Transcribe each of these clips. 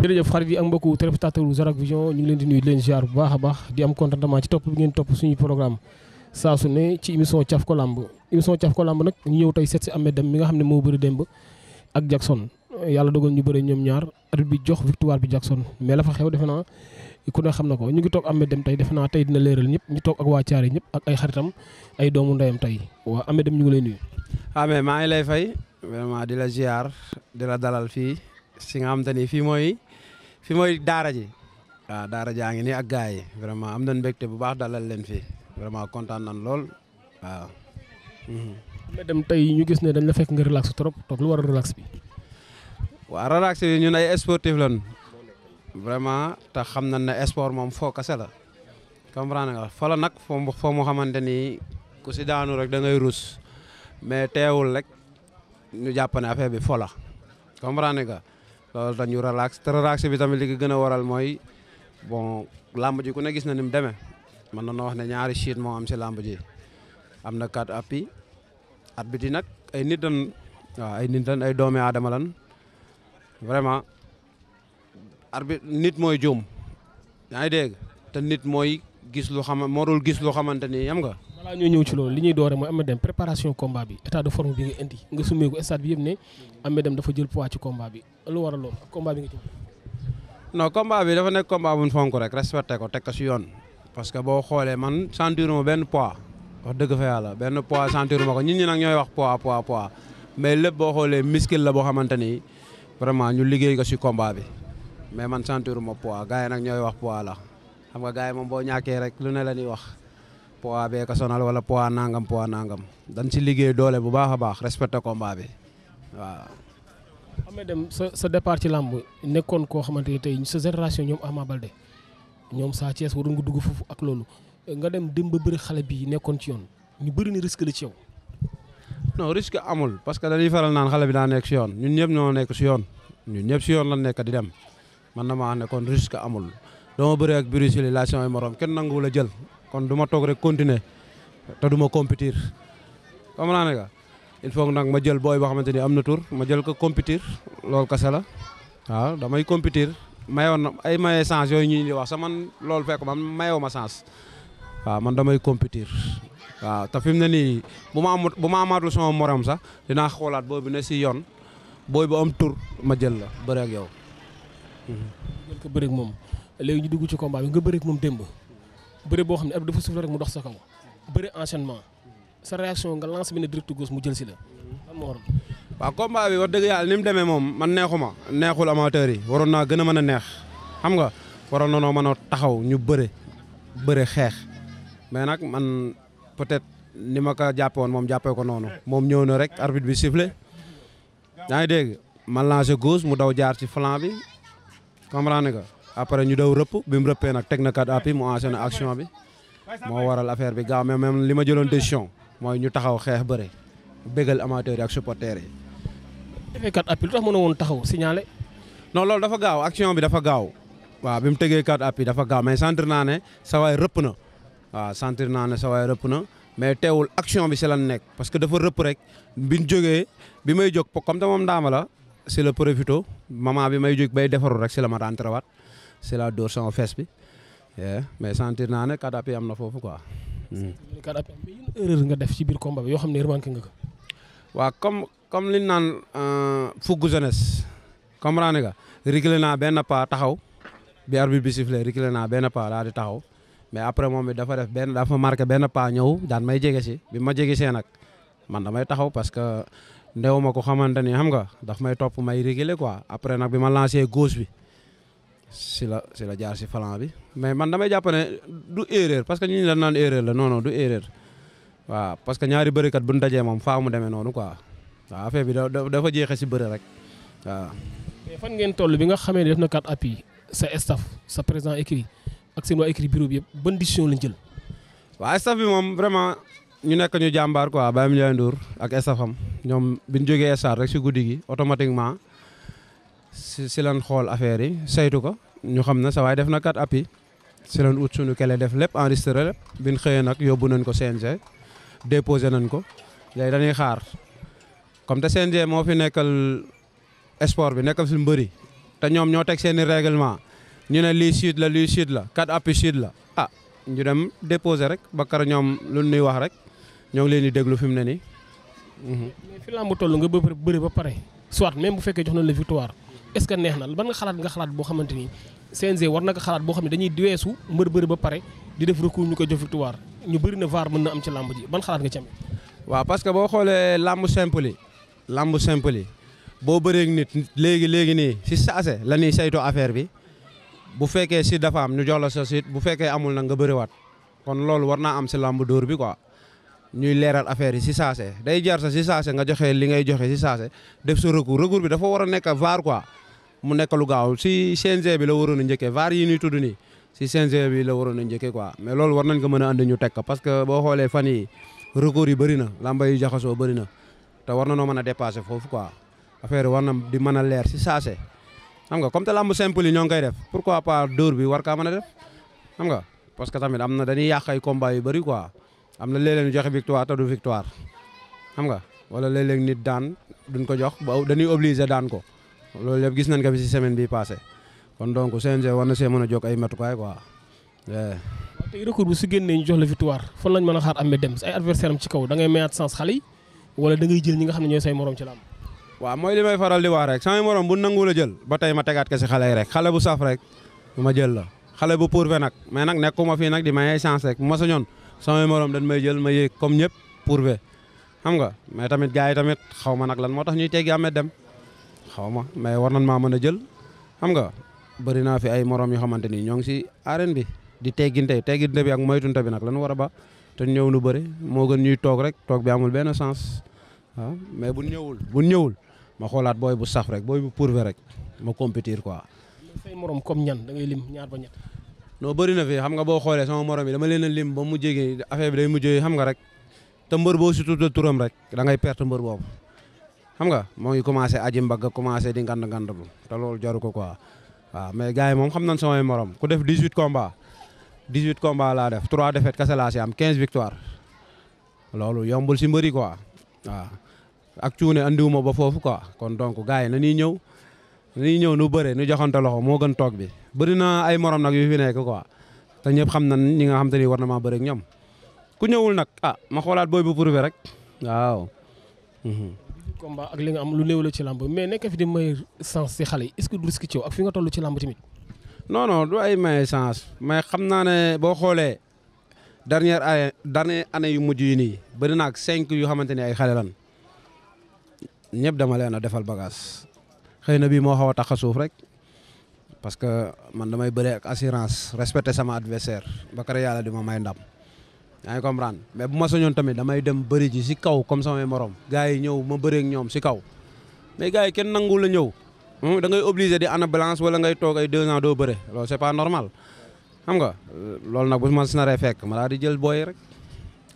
jërëjëf xarit yi ak mbokku téléspectateur Zarak Vision ñu ngi leen di nuyu leen ziar bu baax a baax di am contentement ci saa su ne ci émission caf ko làmb émission caf ko làmb nag ñu ñëw tey seet si Ameth dem mi nga xam ne moo bëri démb ak Jackson yàlla dogal ñu bëri ñoom ñaar at bi jox victoire bi Jackson mais la fa xew defe naa ku ne xam na ko ñu ngi toog Ameth dem tey defe naa tey dina leeral ñëpp ñu toog ak waa Thiaré ñëpp ak ay xaritam ay doomu ndeyam tey waa Ameth dem ñu ngi lay nuyu. ah mais maa ngi lay fay vraiment di la ziar di la dalal fii si nga xam te ni fii mooy fii mooy daara ji waaw daara jaa ngi nii ak gars yi vraiment am nañu mbégte bu dalal leen fii vraiment content nan lol waaw mais mhm. dem tay ñu gis ne dañ la fekk nga relax trop tok lu war relax bi wa relax bi ñun ay sportif lan vraiment ta xam nañ ne sport mom fo kasse la comprendre nga fa la nak fo fo mo xamanteni ku ci daanu rek da ngay rouss mais téwul rek ñu jàpp ne affaire bi fo la comprendre nga loolu dañu relax te relax bi tamit li gëna waral moy bon lamb ji ku ne gis na nim mu mën na na wax ne ñaari siit moo am si làmb ji am na quatre appuis at bi nag ay nit lan waaw ay nit lan ay doomi aadama lan vraiment arbitre nit mooy juum yaa ngi dégg te nit mooy gis lu xam moo dul gis lu xamante ni yam nga. balaa ñoo ñëw ci loolu li ñuy doore mooy Ameth Deme préparation combat bi état de forme bi nga indi nga summeeku stade bi yëpp ne Ameth Deme dafa jël poids ci combat bi lu waral loolu combat bi nga ci. non combat bi dafa nekk combat bu ñu fonk rek respecté ko teg ko si yoon parce que boo xoolee man sentir ma benn pois wax dëgg fa yàlla benn pois sentir ma ko ñun ñi nag ñooy wax poids poids poids mais lépp boo xoolee miskil la boo xamante ni vraiment ñu liggéey ko si combat bi mais man sentir ma poids gars yi nag ñooy wax poids la xam nga gars yi moom boo ñàkkee rek lu ne la ñuy wax poids bee ka sonal wala poids nangam poids nangam dañ si liggéey doole bu baax a baax respecté combat bi waaw. xam dem sa sa départ ci làmb nekkoon koo xamante ni tey sa génération ñoom Ama Baldé ñoom Sa Thiès waroon nga dugg foofu ak loolu nga dem dem ba bëri xale bi nekkoon ci yoon ñu bëri ni risque la ci yow. non risque amul parce que dañuy faral naan xale bi daa nekk si yoon ñu ñëpp ñoo nekk si yoon ñun ñëpp si yoon la nekk di dem man na maa ne kon risque amul. dama bëri ak brutilisation yi moroom kenn nanguwul a jël kon du toog rek continuer te duma ma compétir comme il faut nag ma jël booy boo xamante ni am na tur ma jël ko compétir loolu kese la waaw damay compétir. mayoon na ay maye chance yooyu ñu di wax sa man loolu fekk man mayoo ma chance waaw man damay compétir waaw te fi mu ne nii bu ma amut bu ma amaatul sama morom sax dinaa xoolaat boobu ne si yoon booy bu am tur ma jël la bëre ak yow. jël ko moom léegi ñu dugg ci combat bi nga bëre moom démb bëre boo xam ne ab dafa suuf rek mu dox sa kaw bëre enchaînement sa réaction nga lance bi ne direct gauche mu jël si la lan waaw combat bi wax dëgg yàlla ni mu demee moom man neexu ma neexul amateur yi waroon naa gën a mën a neex xam nga waroon na noo mën a taxaw ñu bëre bëre xeex mais nag man peut-être ni ma ko jàppe woon moom jàppee ko noonu moom ñëw na rek arbitre bi sifflé yaa ngi dégg man lancé gauche mu daw jaar ci flanc bi comprendre nga après ñu daw rëpp bi mu rëppee nag teg na kat appui mu enchaîné action bi moo waral affaire bi gaaw mais même li ma jëloon décision mooy ñu taxaw xeex bëre bégal amateur yi ak yi defee quatre appels lu tax mën a woon taxaw signalé. non loolu dafa gaaw action bi dafa gaaw waaw bi mu tegee quatre appels dafa gaaw mais sentir naa ne sa rëpp na waaw sentir naa ne sa waay rëpp na mais teewul action bi si la nekk parce que dafa rëpp rek biñ jógee bi may jóg comme te moom ndaama la si la profito maman bi may jóg bay defaru rek si la ma rentré waat si la dóor sama fees bi mais sentir naa ne quatre appels am na foofu quoi. Hmm. quatre appels def ci biir combat bi yoo xam ne remarqué nga ko. comme li naan euh, fugg jeunesse comprendre ka réglé naa benn pas taxaw bi arbitre bi sifflé réglé naa benn pas laa di taxaw mais après moom it dafa def benn dafa marqué benn pas ñëw daan may jege si bi ma jege see nag man damay taxaw parce que ndew ma ko xamante ni xam nga daf may topp may réglé quoi après nag bi ma lancé gauche bi si la si la jaar si flanc bi mais man damay jàpp ne du erreur parce que ñu dañ naan erreur la non non du erreur parce que ñaari bërikat bu ñu dajee moom faa mu demee noonu quoi. waaw affaire bi dafa jeexe si bëre rek waaw. mais fan ngeen toll bi nga xamee ne def na carte appui sa staff sa président écrit ak seen waa écrit bi yëpp ban décision lañ jël. waa staff bi moom vraiment ñu nekk ñu jàmbaar quoi Baye Ndiaye Ndour ak staffam ñoom bi ñu jógee star rek si guddi gi automatiquement si si lan xool affaire yi saytu ko ñu xam ne sa waay def na carte appui si lan ut suñu kele def lépp enregistré lépp bi ñu xëyee nag yóbbu nañ ko CNG déposé nañ ko léegi comme te CNG moo fi nekkal sport bi nekkal fi mbëri te ñoom ñoo teg seen i règlement ñu ne lii sud la lii sud la quatre appuis sud la ah ñu dem déposer rek ba kar ñoom lu ñuy wax rek ñoo ngi leen di déglu fi mu ne nii. Mhm. mais fi lamb toll nga bëri ba pare soit même bu fekkee jox na la victoire est ce que neex na ban nga xalaat nga xalaat boo xamante ni CNG war na ko xalaat boo xam ne dañuy weesu mbër bëri ba pare di def recours ñu ko jox victoire ñu bëri na VAR mën am ci lamb ji ban xalaat nga ci am. waaw parce que boo xoolee lamb simple lamb simple yi boo bëreek nit léegi léegi nii si saase la ñuy sayto affaire bi bu fekkee si dafa am ñu jox la sa site bu fekkee amul na nga bëriwaat kon loolu war naa am si lamb dóor bi quoi ñuy leeral affaire yi si saase day jar sa si saase nga joxe li ngay joxe si saase def sa recours recours bi dafa war a nekk vaar quoi mu nekk lu gaaw si CNG bi la waroon a njëkkee vaar yi ñuy tudd nii si CNG bi la waroon a njëkkee quoi mais loolu war nañ ko mën a andi ñu teg ko parce que boo xoolee fan yi recours yi bëri na lamba yi jaxasoo bëri na. te warna no noo mën a dépasser eh, foofu quoi affaire warna di mën leer si saase eh. xam nga comme te lamb simple yi ñoo def pourquoi pas dóor bi war ka mën def xam nga parce que tamit amna dañuy yàq ay combat yu bari quoi amna lélen joxe victoire ta du victoire xam nga wala lélen nit daan duñ ko jox ba dañuy obligé daan ko lolou yeb gis nañ ko fi si semaine bi passé kon donc CNG warna na see jox ay matu quoi quoi euh tey recours bu su génné ñu jox la victoire fan lañ mëna xaar amé dem ay adversaire am ci kaw da ngay sens xali wala da ngay jël ñi xam ne ñooy say morom ci làmb waaw mooy li may faral di wax rek samay morom bu nangu jël ba tey ma tegaat ko si xale yi rek xale bu saf rek ma jël la xale bu pourfe nag mais nag nekkuma fii nag di may chance rek ma ñoon samay moroom dañ may jël ma comme ñëpp pourfe xam nga mais tamit gars yi tamit xaw ma nag lan moo tax ñuy teggi amee dem xaw ma mais war nañ maa mën a jël xam nga bëri naa fi ay morom yoo xamante ni ñoo ngi si arène bi di tegginte tegginte bi ak moytunte bi nag la lan war a ba te ñëw lu bëri moo gën ñuy toog rek toog bi amul benn sens ah mais bu ñëwul bu ñëwul ma xoolaat booy bu saf rek booy bu pourvé rek ma compétir quoi. say morom comme ñan da ngay lim ñaar ba ñett. non bëri na xam nga boo xoolee sama morom yi dama leen a lim ba mu jege affaire bi day mujjee xam nga rek te mbër boo a tudd turam rek da ngay perte boobu. xam nga moo ngi commencé aji di ngand ngand bu te loolu ko quoi waaw mais gars moom xam nañ samay morom ku def 18 combats 18 combats laa def 3 défaites kese laa si am 15 victoires loolu yombul si mbëri quoi waaw. ak cuune andiwuma ba foofu quoi kon donc gars yi na ñuy ñëw na ñuy ñëw nu bëre nu joxante loxo moo gën toog bi. bëri ay morom nag yu fi quoi te ñëpp xam nañ ñi nga xam te ni war na maa bëre ak ku ñëwul nag ah ma xoolaat booy bu prouvé rek waaw. Mhm. combat ak li nga am lu néew la ci làmb mais nekk fi di may sens si xale yi est-ce que du risque ci ak fi nga tollu ci làmb tamit. non non du ay may sens mais xam naa ne boo xoolee dernière année dernière année yu mujj yi nii bëri na ak cinq yu xamante ne ay xale lan ñëpp dama leena defal bagage xeyna na mo xawa xaw berek rek parce que man damay beulé ak assurance respecter sama adversaire ba yalla dima di may ndam yaa ngi comprendre mais buma soñon tamit damay dem beuri ji kom kaw comme sama morom gaay yi ñëw ma beure ak ñom ci kaw mais gaay yi kenn nangu la ñew hmm, da ngay obligé di ana balance wala ngay tok ay 2 ans do bëre loolu c'est pas normal xam nga loolu nak buma ma si naree fekk ma di jël boy rek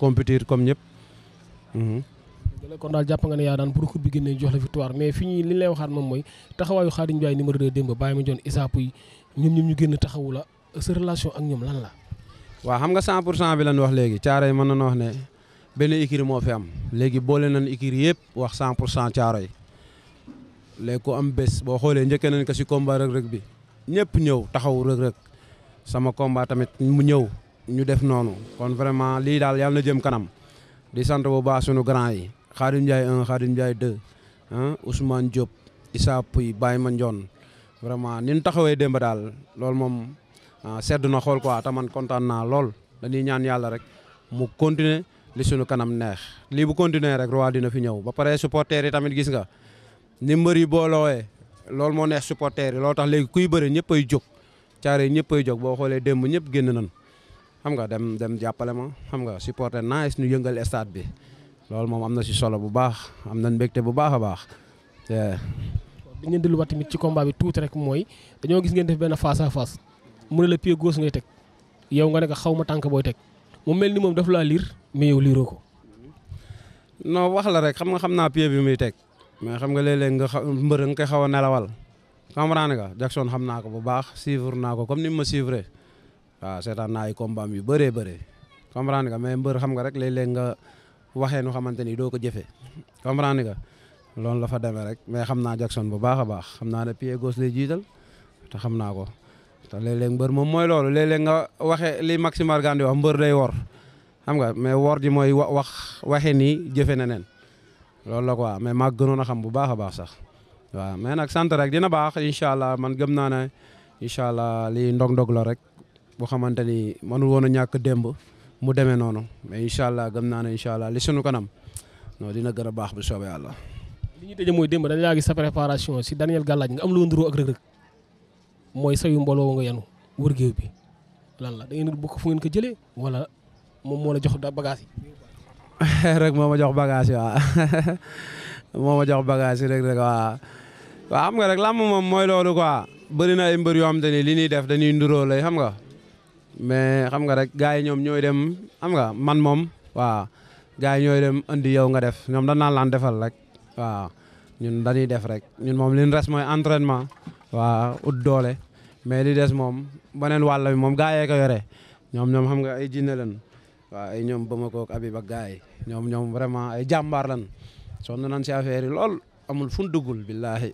compétir comme hmm kon daal jàpp nga ne yaa daan pour coupe bi génne jox la victoire mais fi ñuy li ñu lay waxaat moom mooy taxawaayu Khadim Ndiaye numéro 2 démb bàyyi ma joon isap yi ñoom ñoom ñu génn taxawu la sa relation ak ñoom lan la. waa xam nga 100 pour cent bi lañ wax léegi caaro yi mën nañoo wax ne benn écurie moo fi am léegi boole nañ écurie yëpp wax 100 pour cent caaro yi léegi ku am bés boo xoolee njëkkee nañ ko si combat Reug Reug bi ñëpp ñëw taxawu Reug Reug sama combat tamit mu ñëw ñu def noonu kon vraiment lii daal yàlla na jëm kanam di sant bu baax sunu grand yi. Khadim Ndiaye 1 Khadim Ndiaye 2 ah Ousmane Diop Issa Pouye Baye Mandione vraiment ni ñu taxawee demba daal loolu moom ah, sedd na xool quoi taman kontaan naa lool dañuy ñaan yàlla rek mu continuer li suñu kanam neex lii bu continuer rek roi dina fi ñëw ba pare supporters yi tamit gis nga ni mbër yi booloowee loolu moo neex supporters yi tax léegi kuy bëre ñëpp ay jóg caare yi ñëpp ay jóg boo xoolee démb ñëpp génn nañ xam nga dem dem jàppale ma xam nga supporter naa ñu yëngal stade bi loolu moom am na si solo bu baax am na mbégte bu baax a baax. dañ leen delluwaat tamit ci combat bi tuuti rek mooy dañoo gis ngeen def benn face à face mu ne la pied goos ngay teg yow nga ne ko xaw ma tànk booy teg mu mel ni moom daf laa liir mu yow liiroo ko. non wax la rek xam nga xam naa pied bi muy teg mais xam nga léeg-léeg nga xaw mbër nga koy xaw a nelawal. comprendre nga Jackson xam naa ko bu baax suivre naa ko comme ni ma suivre waaw seetaan naa ay combat yu bëree bëri waxee nu xamante ni doo ko jëfee comprendre nga loolu la fa demee rek mais xam naa Jackson bu baax a baax xam naa ne pied gauche lay jiital te xam naa ko te léeg mbër moom mooy loolu léeg nga waxee li Maxime Argan wax mbër day wor xam nga mais wor ji mooy wax waxe nii jëfe na neen loolu la quoi mais maa gënoon a xam bu baax a baax sax waaw mais nag sant rek dina baax incha allah man gëm naa ne incha allah lii ndog-ndog la rek boo xamante ni mënul woon a ñàkk démb. mu demee noonu mais incha allah gëm naa ne incha allah li sunu kanam non dina gën a baax bu soobee yàlla. li ñu tëjee mooy démb dañu laa gis sa préparation si Daniel Galaaj nga am lu nduroo ak rëg-rëg mooy sayu mbooloo nga yanu bi lan la da bokk fu ngeen ko jëlee wala moom moo la jox bagage yi. rek moo ma jox bagage yi moo ma jox bagage yi rek rek waaw xam nga rek làmb moom mooy loolu quoi bëri na mbër yoo xam te ni li ñuy def dañuy nduroo lay xam nga. mais xam nga rek gars yi ñoom ñooy dem xam nga man moom waaw gars yi ñooy dem andi yow nga def ñoom dañ naan laan defal rek waaw ñun dañuy def rek ñun moom li ñu res mooy entraînement waaw ut doole mais li des moom beneen wàll bi moom gars yee ko yore ñoom ñoom xam nga ay jinne lan waaw ay ñoom Bamako ak Habib ak gars yi ñoom ñoom vraiment ay jàmbaar lan sonn nañ si affaire yi lool amul fu duggul billahi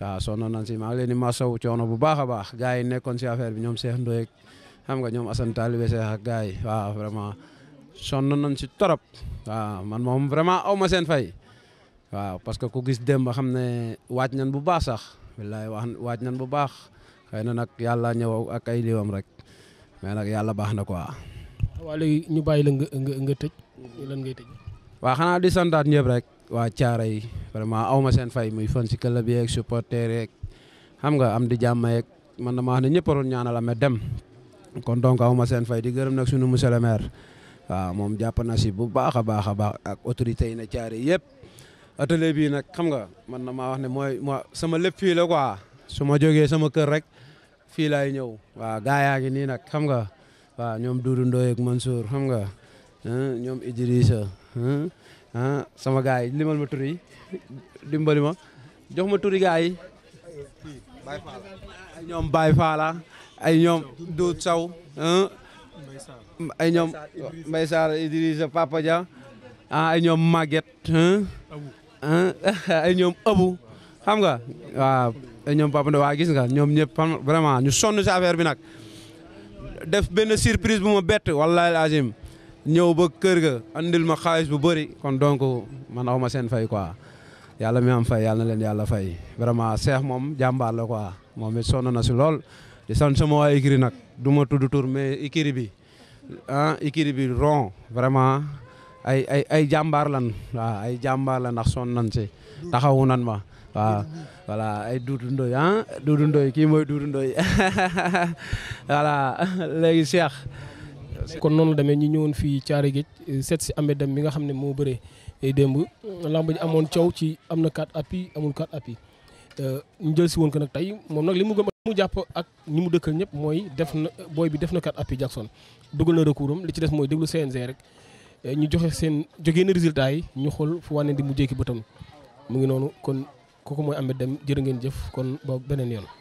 waaw sonn nañ si maa ngi leen di masawu coono bu baax a baax gars yi nekkoon si affaire bi ñoom Cheikh Ndoye xam nga ñoom Assane Talibe Seex ak gars yi waaw vraiment sonn si torop waaw man moom vraiment aw ma seen fay waaw parce que ku gis ba xam ne waaj nañ bu baax sax wallaay waaj nañ bu baax xëy na nag yàlla ñëw ak ay liwam rek mais nag yàlla baax na quoi. waaw léegi ñu bàyyi la nga nga nga tëj lan ngay tëj. waaw xanaa di santaat ñëpp rek waa caara yi vraiment aw ma seen fay muy fan si club yeeg supporter yeeg xam nga am di jàmm yeeg man damaa wax ne ñëpp ñaanal amee dem. kon donc ma seen fay di gërëm nag sunu monsieur le maire waaw moom jàppa na si bu baax a baax a baax ak autorités yi na caare yépp atelier bii nag xam nga man na maa wax ne mooy ma sama lépp fii la quoi su ma jogee sama kër rek fii laay ñëw waa gaa yaa ngi nii nag xam nga waaw ñoom Doudou Ndoye man Mansour xam nga ñoom Idrissa sama gars yi limal ma tur yi jox ma turi gars yi ñoom Baye Fala ah. ay ñoom Doud Saw ay ñoom Mbaye Sarr Idrissa Papa ja ah ay ñoom Maguette ay ñoom abu xam nga waaw ay ñoom Papa Ndo waa gis nga ñoom ñëpp vraiment ñu sonn si affaire bi nag def benn surprise bu ma bett wallahi lazim ñëw ba kër ga andil ma xaalis bu bëri kon donc ma aw ma sen fay ko yàlla mi am fay yàlla na leen yàlla fay vraiment seex moom jàmbaar la quoi moom it sonn na si lool di sant sama waa écurie nag du ma tudd tur mais écurie bi ah écurie bi rond vraiment ay ay ay jàmbaar lan waaw ay jàmbaar lan ndax son nan si taxawu nan ma waa voilà ay Doudou Ndoye ah Doudou kii mooy Doudou Ndoye voilà léegi Cheikh. kon noonu la demee ñi ñëwoon fii Thiaré Géej seet si amee dem mi nga xam ne moo bëree eh, démb lamb ji amoon coow ci am na 4 appui amul 4 appui euh, ñu si woon ko nag tey moom nag li mu gëm mu jàpp ak ñi mu dëkkal ñëpp mooy def na booy bi def na kat appui Jackson dugal na recours am li ci des mooy déglu CNG rek eh, ñu joxe seen jógee na résultat yi ñu xool fu wànneen di mu jékki bëtam mu ngi noonu kon kooku mooy Ameth dem jër ngeen jëf kon ba beneen yoon.